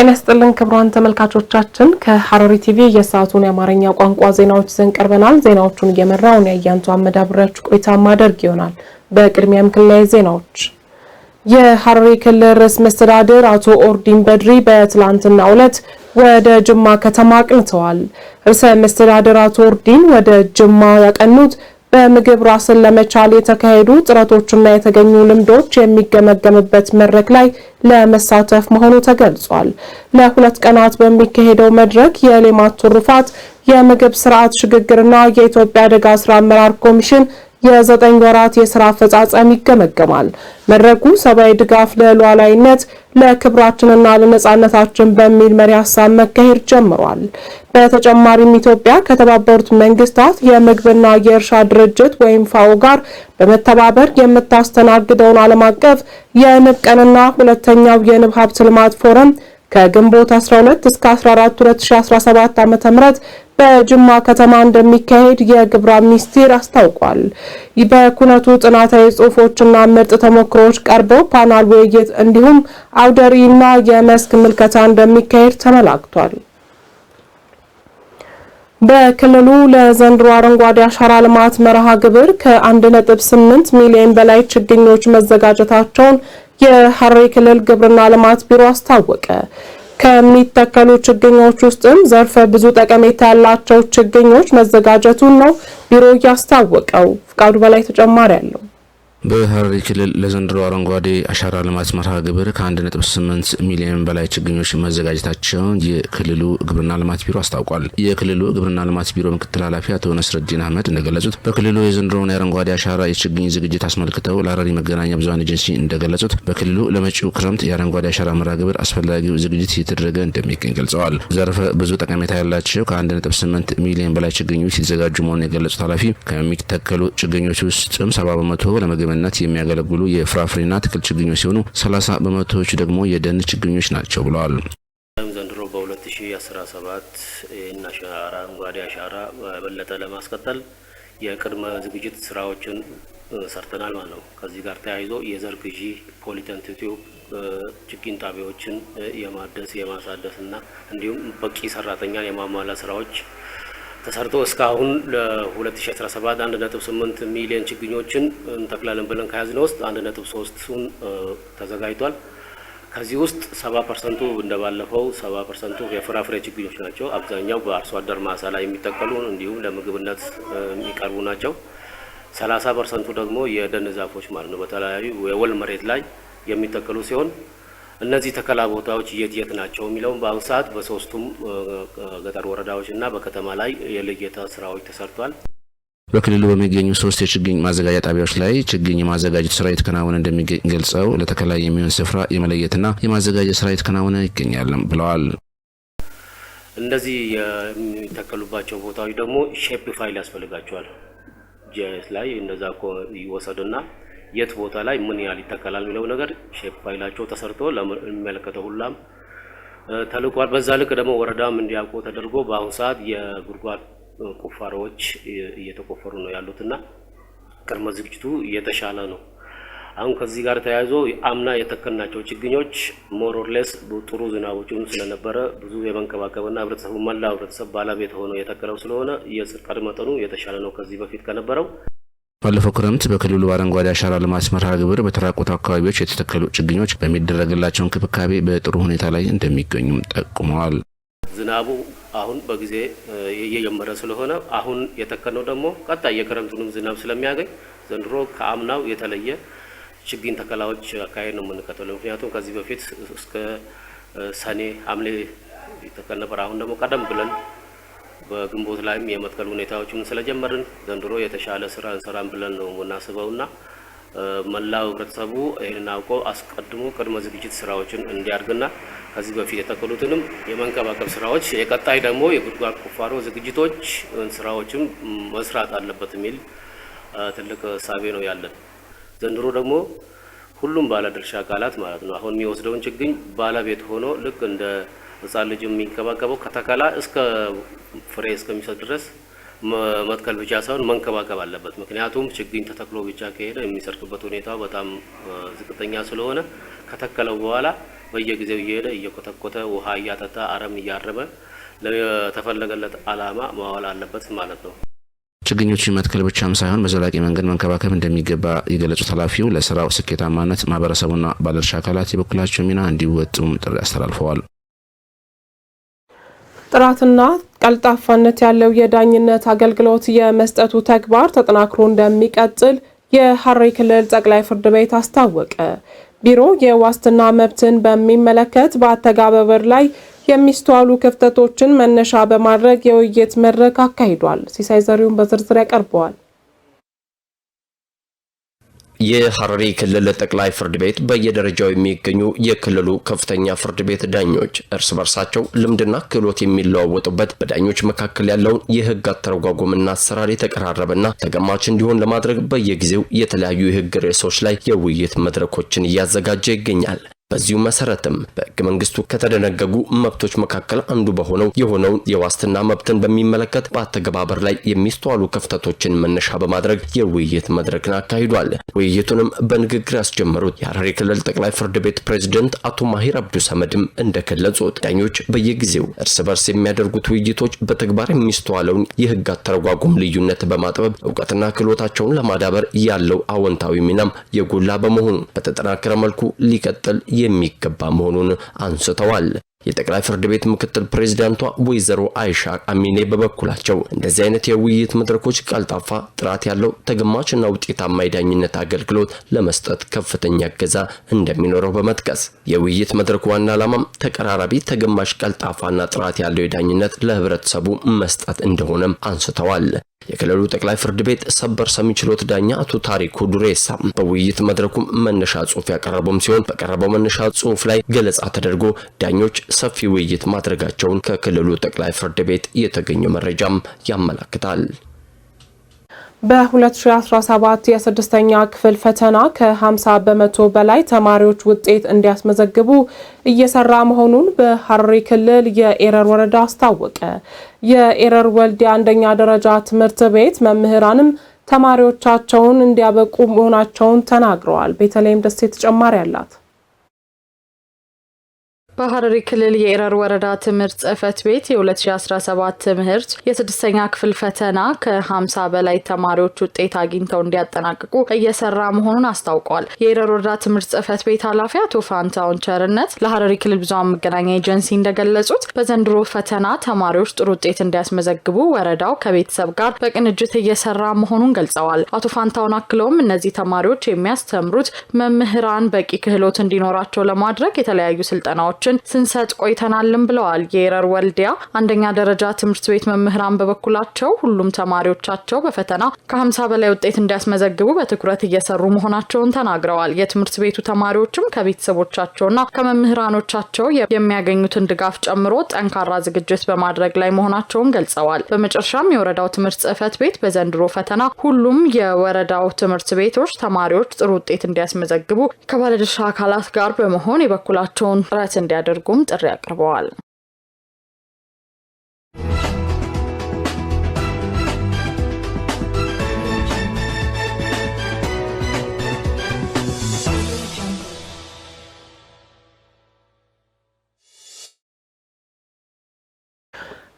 ጤና ይስጥልን ክቡራን ተመልካቾቻችን፣ ከሐረሪ ቲቪ የሰዓቱን የአማርኛ ቋንቋ ዜናዎች ይዘን ቀርበናል። ዜናዎቹን እየመራውን ያያንቱ አመዳብሪያችሁ ቆይታ ማደርግ ይሆናል። በቅድሚያም ክልላዊ ዜናዎች። የሐረሪ ክልል ርዕሰ መስተዳድር አቶ ኦርዲን በድሪ በትላንትናው ዕለት ወደ ጅማ ከተማ አቅንተዋል። ርዕሰ መስተዳድር አቶ ኦርዲን ወደ ጅማ ያቀኑት በምግብ ራስን ለመቻል የተካሄዱ ጥረቶችና የተገኙ ልምዶች የሚገመገምበት መድረክ ላይ ለመሳተፍ መሆኑ ተገልጿል። ለሁለት ቀናት በሚካሄደው መድረክ የሌማት ትሩፋት፣ የምግብ ስርዓት ሽግግርና የኢትዮጵያ አደጋ ስራ አመራር ኮሚሽን የዘጠኝ ወራት የስራ አፈጻጸም ይገመገማል። መድረኩ ሰብአዊ ድጋፍ ለሉዓላዊነት ለክብራችንና ለነጻነታችን በሚል መሪ ሀሳብ መካሄድ ጀምሯል። በተጨማሪም ኢትዮጵያ ከተባበሩት መንግስታት የምግብና የእርሻ ድርጅት ወይም ፋኦ ጋር በመተባበር የምታስተናግደውን ዓለም አቀፍ የንብ ቀንና ሁለተኛው የንብ ሀብት ልማት ፎረም ከግንቦት 12 እስከ 14 2017 ዓ.ም በጅማ ከተማ እንደሚካሄድ የግብርና ሚኒስቴር አስታውቋል። በኩነቱ ጥናታዊ ጽሁፎችና ምርጥ ተሞክሮዎች ቀርበው ፓናል ውይይት እንዲሁም አውደሪና የመስክ ምልከታ እንደሚካሄድ ተመላክቷል። በክልሉ ለዘንድሮ አረንጓዴ አሻራ ልማት መርሃ ግብር ከ1.8 ሚሊዮን በላይ ችግኞች መዘጋጀታቸውን የሐረሪ ክልል ግብርና ልማት ቢሮ አስታወቀ። ከሚተከሉ ችግኞች ውስጥም ዘርፈ ብዙ ጠቀሜታ ያላቸው ችግኞች መዘጋጀቱን ነው ቢሮ እያስታወቀው ፍቃዱ በላይ ተጨማሪ አለው። በሐረሪ ክልል ለዘንድሮ አረንጓዴ አሻራ ልማት መርሃ ግብር ከ1.8 ሚሊዮን በላይ ችግኞች መዘጋጀታቸውን የክልሉ ግብርና ልማት ቢሮ አስታውቋል። የክልሉ ግብርና ልማት ቢሮ ምክትል ኃላፊ አቶ ነስረዲን አህመድ እንደገለጹት በክልሉ የዘንድሮውን የአረንጓዴ አሻራ የችግኝ ዝግጅት አስመልክተው ለሐረሪ መገናኛ ብዙሃን ኤጀንሲ እንደገለጹት በክልሉ ለመጪው ክረምት የአረንጓዴ አሻራ መርሃ ግብር አስፈላጊው ዝግጅት እየተደረገ እንደሚገኝ ገልጸዋል። ዘርፈ ብዙ ጠቀሜታ ያላቸው ከ1.8 ሚሊዮን በላይ ችግኞች የተዘጋጁ መሆኑን የገለጹት ኃላፊ ከሚተከሉ ችግኞች ውስጥም 70 በመቶ ለምግብ ለምግብነት የሚያገለግሉ የፍራፍሬና አትክልት ችግኞች ሲሆኑ 30 በመቶዎች ደግሞ የደን ችግኞች ናቸው ብለዋል። ዘንድሮ በ2017 ይህን አረንጓዴ አሻራ በበለጠ ለማስቀጠል የቅድመ ዝግጅት ስራዎችን ሰርተናል ማለት ነው። ከዚህ ጋር ተያይዞ የዘር ግዢ ፖሊተንት ቲዩብ ችግኝ ጣቢያዎችን የማደስ የማሳደስ እና እንዲሁም በቂ ሰራተኛን የማሟላ ስራዎች ተሰርቶ እስካሁን ለ2017 1.8 ሚሊዮን ችግኞችን እንተክላለን ብለን ከያዝነው ውስጥ 1.3ቱን ተዘጋጅቷል። ከዚህ ውስጥ 70 ፐርሰንቱ እንደባለፈው 70 ፐርሰንቱ የፍራፍሬ ችግኞች ናቸው። አብዛኛው በአርሶ አደር ማሳ ላይ የሚጠቀሉ እንዲሁም ለምግብነት የሚቀርቡ ናቸው። 30 ፐርሰንቱ ደግሞ የደን ዛፎች ማለት ነው። በተለያዩ የወል መሬት ላይ የሚጠቀሉ ሲሆን እነዚህ ተከላ ቦታዎች የት የት ናቸው የሚለውም በአሁኑ ሰዓት በሶስቱም ገጠር ወረዳዎች እና በከተማ ላይ የልየታ ስራዎች ተሰርቷል። በክልሉ በሚገኙ ሶስት የችግኝ ማዘጋጃ ጣቢያዎች ላይ ችግኝ የማዘጋጀት ስራ የተከናወነ እንደሚገኝ ገልጸው ለተከላይ የሚሆን ስፍራ የመለየትና የማዘጋጀት ስራ የተከናወነ ይገኛል ብለዋል። እነዚህ የሚተከሉባቸው ቦታዎች ደግሞ ሼፕ ፋይል ያስፈልጋቸዋል። ጂአይኤስ ላይ እንደዛ ይወሰድና የት ቦታ ላይ ምን ያህል ይተከላል የሚለው ነገር ሼፕ ፋይላቸው ተሰርቶ ለሚመለከተው ሁላም ተልቋል። በዛ ልክ ደግሞ ወረዳም እንዲያውቁ ተደርጎ በአሁኑ ሰዓት የጉድጓድ ቁፋሮዎች እየተቆፈሩ ነው ያሉትና ቅድመ ዝግጅቱ እየተሻለ ነው። አሁን ከዚህ ጋር ተያይዞ አምና የተከልናቸው ችግኞች ሞሮርሌስ ጥሩ ዝናቦችን ስለነበረ ብዙ የመንከባከብና ህብረተሰቡ መላ ህብረተሰብ ባለቤት ሆኖ የተከለው ስለሆነ የጽድቀት መጠኑ የተሻለ ነው ከዚህ በፊት ከነበረው። ባለፈው ክረምት በክልሉ በአረንጓዴ አሻራ ልማት መርሃ ግብር በተራቆቱ አካባቢዎች የተተከሉ ችግኞች በሚደረግላቸው እንክብካቤ በጥሩ ሁኔታ ላይ እንደሚገኙም ጠቁመዋል። ዝናቡ አሁን በጊዜ እየጀመረ ስለሆነ አሁን የተከልነው ደግሞ ቀጣይ የክረምቱንም ዝናብ ስለሚያገኝ ዘንድሮ ከአምናው የተለየ ችግኝ ተከላዎች አካሄድ ነው የምንከተለው። ምክንያቱም ከዚህ በፊት እስከ ሰኔ ሐምሌ ይተከል ነበር። አሁን ደግሞ ቀደም ብለን በግንቦት ላይም የመትከል ሁኔታዎችን ስለጀመርን ዘንድሮ የተሻለ ስራ እንሰራን ብለን ነው የምናስበውና መላው ህብረተሰቡ ይህንን አውቆ አስቀድሞ ቅድመ ዝግጅት ስራዎችን እንዲያርግና ከዚህ በፊት የተከሉትንም የመንከባከብ ስራዎች የቀጣይ ደግሞ የጉድጓድ ቁፋሮ ዝግጅቶች ስራዎችም መስራት አለበት የሚል ትልቅ እሳቤ ነው ያለን። ዘንድሮ ደግሞ ሁሉም ባለድርሻ አካላት ማለት ነው አሁን የሚወስደውን ችግኝ ባለቤት ሆኖ ልክ እንደ ህጻን ልጅ የሚንከባከበው ከተከላ እስከ ፍሬ እስከሚሰጥ ድረስ መትከል ብቻ ሳይሆን መንከባከብ አለበት። ምክንያቱም ችግኝ ተተክሎ ብቻ ከሄደ የሚሰርቅበት ሁኔታ በጣም ዝቅተኛ ስለሆነ ከተከለው በኋላ በየጊዜው እየሄደ እየኮተኮተ ውሃ እያጠጣ አረም እያረመ ለተፈለገለት አላማ ማዋል አለበት ማለት ነው። ችግኞችን መትከል ብቻም ሳይሆን በዘላቂ መንገድ መንከባከብ እንደሚገባ የገለጹት ኃላፊው ለስራው ስኬታማነት ማህበረሰቡና ባለድርሻ አካላት የበኩላቸው ሚና እንዲወጡም ጥሪ አስተላልፈዋል። ጥራትና ቀልጣፋነት ያለው የዳኝነት አገልግሎት የመስጠቱ ተግባር ተጠናክሮ እንደሚቀጥል የሐረሪ ክልል ጠቅላይ ፍርድ ቤት አስታወቀ። ቢሮ የዋስትና መብትን በሚመለከት በአተገባበር ላይ የሚስተዋሉ ክፍተቶችን መነሻ በማድረግ የውይይት መድረክ አካሂዷል። ሲሳይ ዘሪሁን በዝርዝር ያቀርበዋል። የሐረሪ ክልል ጠቅላይ ፍርድ ቤት በየደረጃው የሚገኙ የክልሉ ከፍተኛ ፍርድ ቤት ዳኞች እርስ በርሳቸው ልምድና ክህሎት የሚለዋወጡበት በዳኞች መካከል ያለውን የህግ አተረጓጎምና አሰራር የተቀራረበና ተገማች እንዲሆን ለማድረግ በየጊዜው የተለያዩ የህግ ርዕሶች ላይ የውይይት መድረኮችን እያዘጋጀ ይገኛል። በዚሁ መሰረትም በህገ መንግስቱ ከተደነገጉ መብቶች መካከል አንዱ በሆነው የሆነውን የዋስትና መብትን በሚመለከት በአተገባበር ላይ የሚስተዋሉ ክፍተቶችን መነሻ በማድረግ የውይይት መድረክን አካሂዷል። ውይይቱንም በንግግር ያስጀመሩት የሐረሪ ክልል ጠቅላይ ፍርድ ቤት ፕሬዝደንት አቶ ማሂር አብዱ ሰመድም እንደገለጹት ዳኞች በየጊዜው እርስ በርስ የሚያደርጉት ውይይቶች በተግባር የሚስተዋለውን የህግ አተረጓጉም ልዩነት በማጥበብ እውቀትና ክህሎታቸውን ለማዳበር ያለው አዎንታዊ ሚናም የጎላ በመሆኑ በተጠናከረ መልኩ ሊቀጥል የሚገባ መሆኑን አንስተዋል። የጠቅላይ ፍርድ ቤት ምክትል ፕሬዚዳንቷ ወይዘሮ አይሻ አሚኔ በበኩላቸው እንደዚህ አይነት የውይይት መድረኮች ቀልጣፋ፣ ጥራት ያለው ተገማችና ውጤታማ የዳኝነት አገልግሎት ለመስጠት ከፍተኛ እገዛ እንደሚኖረው በመጥቀስ የውይይት መድረኩ ዋና ዓላማም ተቀራራቢ፣ ተገማሽ ቀልጣፋና ጥራት ያለው የዳኝነት ለህብረተሰቡ መስጠት እንደሆነም አንስተዋል። የክልሉ ጠቅላይ ፍርድ ቤት ሰበር ሰሚ ችሎት ዳኛ አቶ ታሪኩ ዱሬሳ በውይይት መድረኩም መነሻ ጽሁፍ ያቀረቡም ሲሆን በቀረበው መነሻ ጽሁፍ ላይ ገለጻ ተደርጎ ዳኞች ሰፊ ውይይት ማድረጋቸውን ከክልሉ ጠቅላይ ፍርድ ቤት የተገኘው መረጃም ያመለክታል በ በ2017 የስድስተኛ ክፍል ፈተና ከ50 በመቶ በላይ ተማሪዎች ውጤት እንዲያስመዘግቡ እየሰራ መሆኑን በሐረሪ ክልል የኤረር ወረዳ አስታወቀ። የኤረር ወልድ የአንደኛ ደረጃ ትምህርት ቤት መምህራንም ተማሪዎቻቸውን እንዲያበቁ መሆናቸውን ተናግረዋል። ቤተልሔም ደሴ ተጨማሪ አላት። በሐረሪ ክልል የኤረር ወረዳ ትምህርት ጽህፈት ቤት የ2017 ትምህርት የስድስተኛ ክፍል ፈተና ከ50 በላይ ተማሪዎች ውጤት አግኝተው እንዲያጠናቅቁ እየሰራ መሆኑን አስታውቋል። የኤረር ወረዳ ትምህርት ጽህፈት ቤት ኃላፊ አቶ ፋንታውን ቸርነት ለሐረሪ ክልል ብዙሃን መገናኛ ኤጀንሲ እንደገለጹት በዘንድሮ ፈተና ተማሪዎች ጥሩ ውጤት እንዲያስመዘግቡ ወረዳው ከቤተሰብ ጋር በቅንጅት እየሰራ መሆኑን ገልጸዋል። አቶ ፋንታውን አክለውም እነዚህ ተማሪዎች የሚያስተምሩት መምህራን በቂ ክህሎት እንዲኖራቸው ለማድረግ የተለያዩ ስልጠናዎች ሀሳቦችን ስንሰጥ ቆይተናልም ብለዋል። የረር ወልዲያ አንደኛ ደረጃ ትምህርት ቤት መምህራን በበኩላቸው ሁሉም ተማሪዎቻቸው በፈተና ከ በላይ ውጤት እንዲያስመዘግቡ በትኩረት እየሰሩ መሆናቸውን ተናግረዋል። የትምህርት ቤቱ ተማሪዎችም ከቤተሰቦቻቸውና ከመምህራኖቻቸው የሚያገኙትን ድጋፍ ጨምሮ ጠንካራ ዝግጅት በማድረግ ላይ መሆናቸውን ገልጸዋል። በመጨረሻም የወረዳው ትምህርት ጽህፈት ቤት በዘንድሮ ፈተና ሁሉም የወረዳው ትምህርት ቤቶች ተማሪዎች ጥሩ ውጤት እንዲያስመዘግቡ ከባለድርሻ አካላት ጋር በመሆን የበኩላቸውን ጥረት እንዲያ እንዲያደርጉም ጥሪ አቅርበዋል።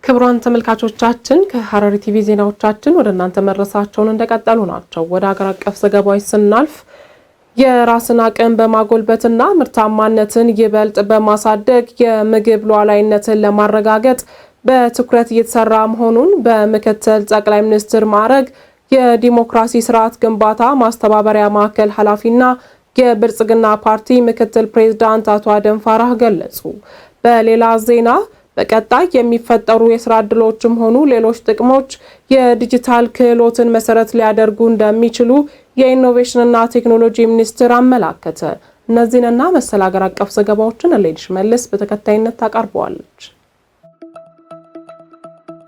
ክቡራን ተመልካቾቻችን ከሐረሪ ቲቪ ዜናዎቻችን ወደ እናንተ መድረሳቸውን እንደቀጠሉ ናቸው። ወደ ሀገር አቀፍ ዘገባዎች ስናልፍ የራስን አቅም በማጎልበትና ምርታማነትን ይበልጥ በማሳደግ የምግብ ሉዓላዊነትን ለማረጋገጥ በትኩረት እየተሰራ መሆኑን በምክትል ጠቅላይ ሚኒስትር ማዕረግ የዲሞክራሲ ስርዓት ግንባታ ማስተባበሪያ ማዕከል ኃላፊና የብልጽግና ፓርቲ ምክትል ፕሬዝዳንት አቶ አደም ፋራህ ገለጹ። በሌላ ዜና በቀጣይ የሚፈጠሩ የስራ እድሎችም ሆኑ ሌሎች ጥቅሞች የዲጂታል ክህሎትን መሰረት ሊያደርጉ እንደሚችሉ የኢኖቬሽንና ቴክኖሎጂ ሚኒስቴር አመላከተ። እነዚህንና መሰል አገር አቀፍ ዘገባዎችን ሌድሽ መልስ በተከታይነት ታቀርበዋለች።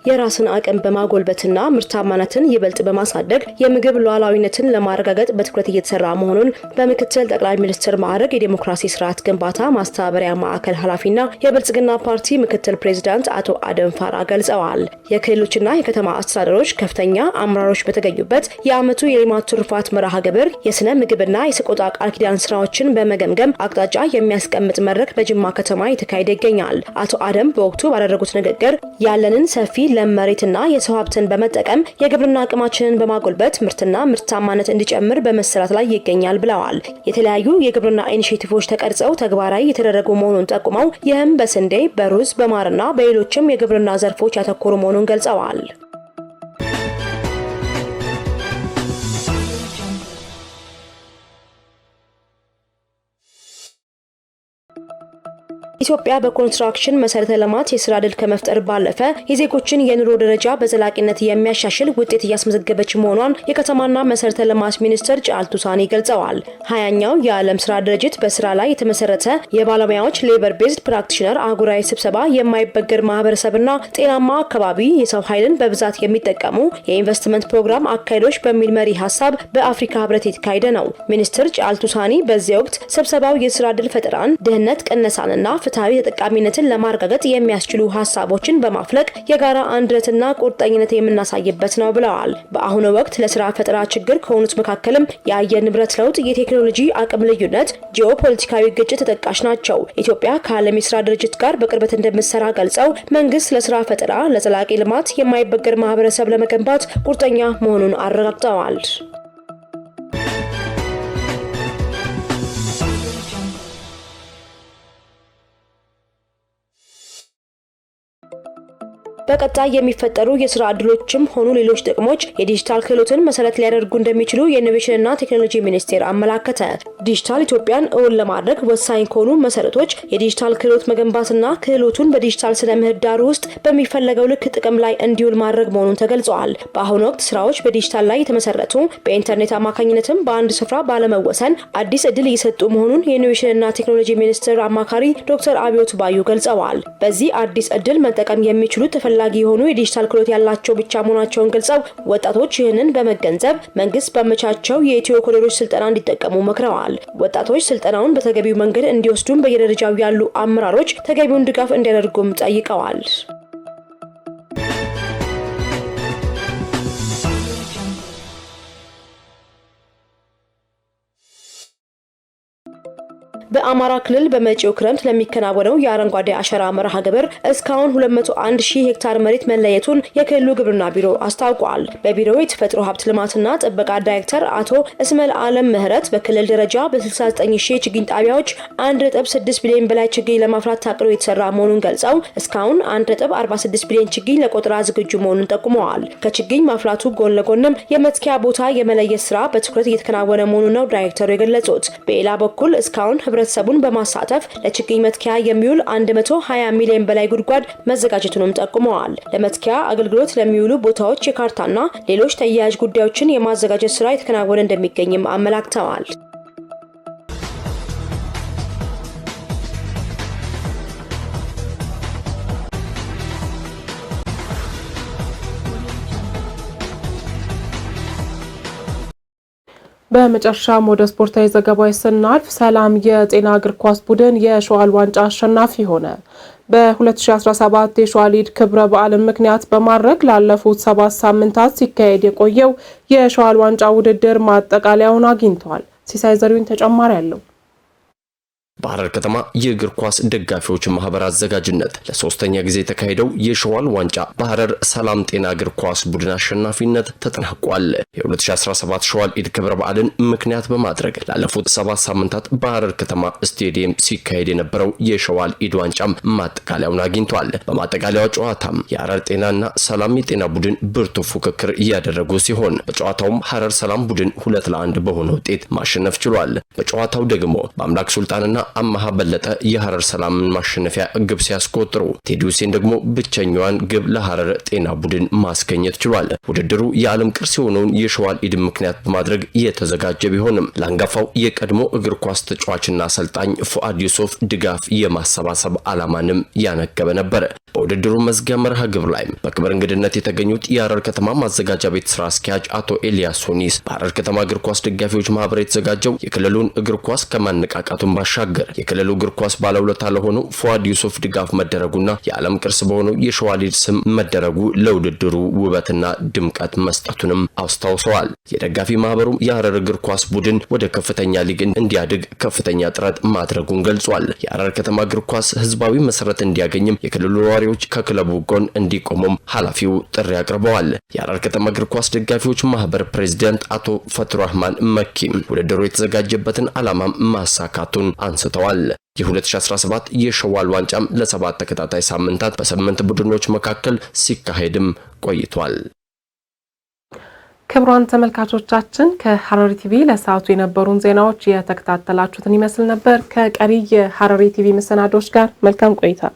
የራስን አቅም በማጎልበትና ምርታማነትን ይበልጥ በማሳደግ የምግብ ሉዓላዊነትን ለማረጋገጥ በትኩረት እየተሰራ መሆኑን በምክትል ጠቅላይ ሚኒስትር ማዕረግ የዴሞክራሲ ስርዓት ግንባታ ማስተባበሪያ ማዕከል ኃላፊና የብልጽግና ፓርቲ ምክትል ፕሬዚዳንት አቶ አደም ፋራ ገልጸዋል። የክልሎችና የከተማ አስተዳደሮች ከፍተኛ አምራሮች በተገኙበት የዓመቱ የልማት ትሩፋት መርሃ ግብር የስነ ምግብና የሰቆጣ ቃል ኪዳን ስራዎችን በመገምገም አቅጣጫ የሚያስቀምጥ መድረክ በጅማ ከተማ የተካሄደ ይገኛል። አቶ አደም በወቅቱ ባደረጉት ንግግር ያለንን ሰፊ ለም መሬትና የሰው ሀብትን በመጠቀም የግብርና አቅማችንን በማጎልበት ምርትና ምርታማነት እንዲጨምር በመሰራት ላይ ይገኛል ብለዋል። የተለያዩ የግብርና ኢኒሽቲቮች ተቀርጸው ተግባራዊ የተደረጉ መሆኑን ጠቁመው ይህም በስንዴ፣ በሩዝ፣ በማርና በሌሎችም የግብርና ዘርፎች ያተኮሩ መሆኑን ገልጸዋል። ኢትዮጵያ በኮንስትራክሽን መሰረተ ልማት የስራ ድል ከመፍጠር ባለፈ የዜጎችን የኑሮ ደረጃ በዘላቂነት የሚያሻሽል ውጤት እያስመዘገበች መሆኗን የከተማና መሰረተ ልማት ሚኒስትር ጫልቱ ሳኒ ገልጸዋል። ሀያኛው የዓለም ስራ ድርጅት በስራ ላይ የተመሰረተ የባለሙያዎች ሌበር ቤዝድ ፕራክቲሽነር አህጉራዊ ስብሰባ የማይበገር ማህበረሰብና ጤናማ አካባቢ የሰው ኃይልን በብዛት የሚጠቀሙ የኢንቨስትመንት ፕሮግራም አካሄዶች በሚል መሪ ሀሳብ በአፍሪካ ህብረት የተካሄደ ነው። ሚኒስትር ጫልቱ ሳኒ በዚህ ወቅት ስብሰባው የስራ ድል ፈጠራን፣ ድህነት ቅነሳንና ፍትሐዊ ተጠቃሚነትን ለማረጋገጥ የሚያስችሉ ሀሳቦችን በማፍለቅ የጋራ አንድነትና ቁርጠኝነት የምናሳይበት ነው ብለዋል። በአሁኑ ወቅት ለስራ ፈጠራ ችግር ከሆኑት መካከልም የአየር ንብረት ለውጥ፣ የቴክኖሎጂ አቅም ልዩነት፣ ጂኦፖለቲካዊ ግጭት ተጠቃሽ ናቸው። ኢትዮጵያ ከዓለም የስራ ድርጅት ጋር በቅርበት እንደምትሰራ ገልጸው መንግስት ለስራ ፈጠራ፣ ለዘላቂ ልማት፣ የማይበገር ማህበረሰብ ለመገንባት ቁርጠኛ መሆኑን አረጋግጠዋል። በቀጣይ የሚፈጠሩ የስራ እድሎችም ሆኑ ሌሎች ጥቅሞች የዲጂታል ክህሎትን መሰረት ሊያደርጉ እንደሚችሉ የኢኖቬሽንና ቴክኖሎጂ ሚኒስቴር አመላከተ። ዲጂታል ኢትዮጵያን እውን ለማድረግ ወሳኝ ከሆኑ መሰረቶች የዲጂታል ክህሎት መገንባትና ክህሎቱን በዲጂታል ስነ ምህዳሩ ውስጥ በሚፈለገው ልክ ጥቅም ላይ እንዲውል ማድረግ መሆኑን ተገልጸዋል። በአሁኑ ወቅት ስራዎች በዲጂታል ላይ የተመሰረቱ በኢንተርኔት አማካኝነትም በአንድ ስፍራ ባለመወሰን አዲስ እድል እየሰጡ መሆኑን የኢኖቬሽንና ቴክኖሎጂ ሚኒስቴር አማካሪ ዶክተር አብዮት ባዩ ገልጸዋል። በዚህ አዲስ እድል መጠቀም የሚችሉት ተፈላጊ የሆኑ የዲጂታል ክህሎት ያላቸው ብቻ መሆናቸውን ገልጸው ወጣቶች ይህንን በመገንዘብ መንግስት በመቻቸው የኢትዮ ኮሌጆች ስልጠና እንዲጠቀሙ መክረዋል። ወጣቶች ስልጠናውን በተገቢው መንገድ እንዲወስዱም በየደረጃው ያሉ አመራሮች ተገቢውን ድጋፍ እንዲያደርጉም ጠይቀዋል። በአማራ ክልል በመጪው ክረምት ለሚከናወነው የአረንጓዴ አሻራ መርሃ ግብር እስካሁን 201 ሺህ ሄክታር መሬት መለየቱን የክልሉ ግብርና ቢሮ አስታውቋል። በቢሮው የተፈጥሮ ሀብት ልማትና ጥበቃ ዳይሬክተር አቶ እስመል አለም ምህረት በክልል ደረጃ በ69 ሺህ ችግኝ ጣቢያዎች 1.6 ቢሊዮን በላይ ችግኝ ለማፍራት ታቅዶ የተሰራ መሆኑን ገልጸው እስካሁን 1.46 ቢሊዮን ችግኝ ለቆጠራ ዝግጁ መሆኑን ጠቁመዋል። ከችግኝ ማፍራቱ ጎን ለጎንም የመትኪያ ቦታ የመለየት ስራ በትኩረት እየተከናወነ መሆኑን ነው ዳይሬክተሩ የገለጹት። በሌላ በኩል እስካሁን ህብረ ህብረተሰቡን በማሳተፍ ለችግኝ መትኪያ የሚውል 120 ሚሊዮን በላይ ጉድጓድ መዘጋጀቱንም ጠቁመዋል። ለመትኪያ አገልግሎት ለሚውሉ ቦታዎች የካርታና ሌሎች ተያያዥ ጉዳዮችን የማዘጋጀት ስራ የተከናወነ እንደሚገኝም አመላክተዋል። በመጨረሻም ወደ ስፖርታዊ ዘገባዎች ስናልፍ ሰላም የጤና እግር ኳስ ቡድን የሸዋል ዋንጫ አሸናፊ ሆነ። በ2017 የሸዋሊድ ክብረ በዓልን ምክንያት በማድረግ ላለፉት ሰባት ሳምንታት ሲካሄድ የቆየው የሸዋል ዋንጫ ውድድር ማጠቃለያውን አግኝተዋል። ሲሳይ ዘሪሁን ተጨማሪ አለው። በሐረር ከተማ የእግር ኳስ ደጋፊዎች ማህበር አዘጋጅነት ለሶስተኛ ጊዜ የተካሄደው የሸዋል ዋንጫ በሐረር ሰላም ጤና እግር ኳስ ቡድን አሸናፊነት ተጠናቋል። የ2017 ሸዋል ኢድ ክብረ በዓልን ምክንያት በማድረግ ላለፉት ሰባት ሳምንታት በሐረር ከተማ ስቴዲየም ሲካሄድ የነበረው የሸዋል ኢድ ዋንጫም ማጠቃለያውን አግኝቷል። በማጠቃለያው ጨዋታም የሐረር ጤናና ሰላም የጤና ቡድን ብርቱ ፉክክር እያደረጉ ሲሆን በጨዋታውም ሐረር ሰላም ቡድን ሁለት ለአንድ በሆነ ውጤት ማሸነፍ ችሏል። በጨዋታው ደግሞ በአምላክ ሱልጣንና አማሃ በለጠ የሐረር ሰላምን ማሸነፊያ ግብ ሲያስቆጥሩ ቴዲ ሁሴን ደግሞ ብቸኛዋን ግብ ለሐረር ጤና ቡድን ማስገኘት ችሏል። ውድድሩ የዓለም ቅርስ የሆነውን የሸዋል ኢድን ምክንያት በማድረግ የተዘጋጀ ቢሆንም ለአንጋፋው የቀድሞ እግር ኳስ ተጫዋችና አሰልጣኝ ፉአድ ዩሱፍ ድጋፍ የማሰባሰብ ዓላማንም ያነገበ ነበር። በውድድሩ መዝጊያ መርሃ ግብር ላይ በክብር እንግድነት የተገኙት የሐረር ከተማ ማዘጋጃ ቤት ስራ አስኪያጅ አቶ ኤልያስ ሆኒስ በሐረር ከተማ እግር ኳስ ደጋፊዎች ማህበር የተዘጋጀው የክልሉን እግር ኳስ ከማነቃቃቱን ባሻገር ጭምር የክልሉ እግር ኳስ ባለውለታ ለሆኑ ፉአድ ዩሱፍ ድጋፍ መደረጉና የዓለም ቅርስ በሆነው የሸዋሊድ ስም መደረጉ ለውድድሩ ውበትና ድምቀት መስጠቱንም አስታውሰዋል። የደጋፊ ማህበሩ የሐረር እግር ኳስ ቡድን ወደ ከፍተኛ ሊግ እንዲያድግ ከፍተኛ ጥረት ማድረጉን ገልጿል። የሐረር ከተማ እግር ኳስ ህዝባዊ መሰረት እንዲያገኝም የክልሉ ነዋሪዎች ከክለቡ ጎን እንዲቆሙም ኃላፊው ጥሪ አቅርበዋል። የሐረር ከተማ እግር ኳስ ደጋፊዎች ማህበር ፕሬዚደንት አቶ ፈትሮ ረህማን መኪም ውድድሩ የተዘጋጀበትን ዓላማም ማሳካቱን አንስቷል። አምጥተዋል። የ2017 የሸዋል ዋንጫም ለሰባት ተከታታይ ሳምንታት በስምንት ቡድኖች መካከል ሲካሄድም ቆይቷል። ክቡራን ተመልካቾቻችን ከሐረሪ ቲቪ ለሰዓቱ የነበሩን ዜናዎች የተከታተላችሁትን ይመስል ነበር። ከቀሪ የሐረሪ ቲቪ መሰናዶች ጋር መልካም ቆይታ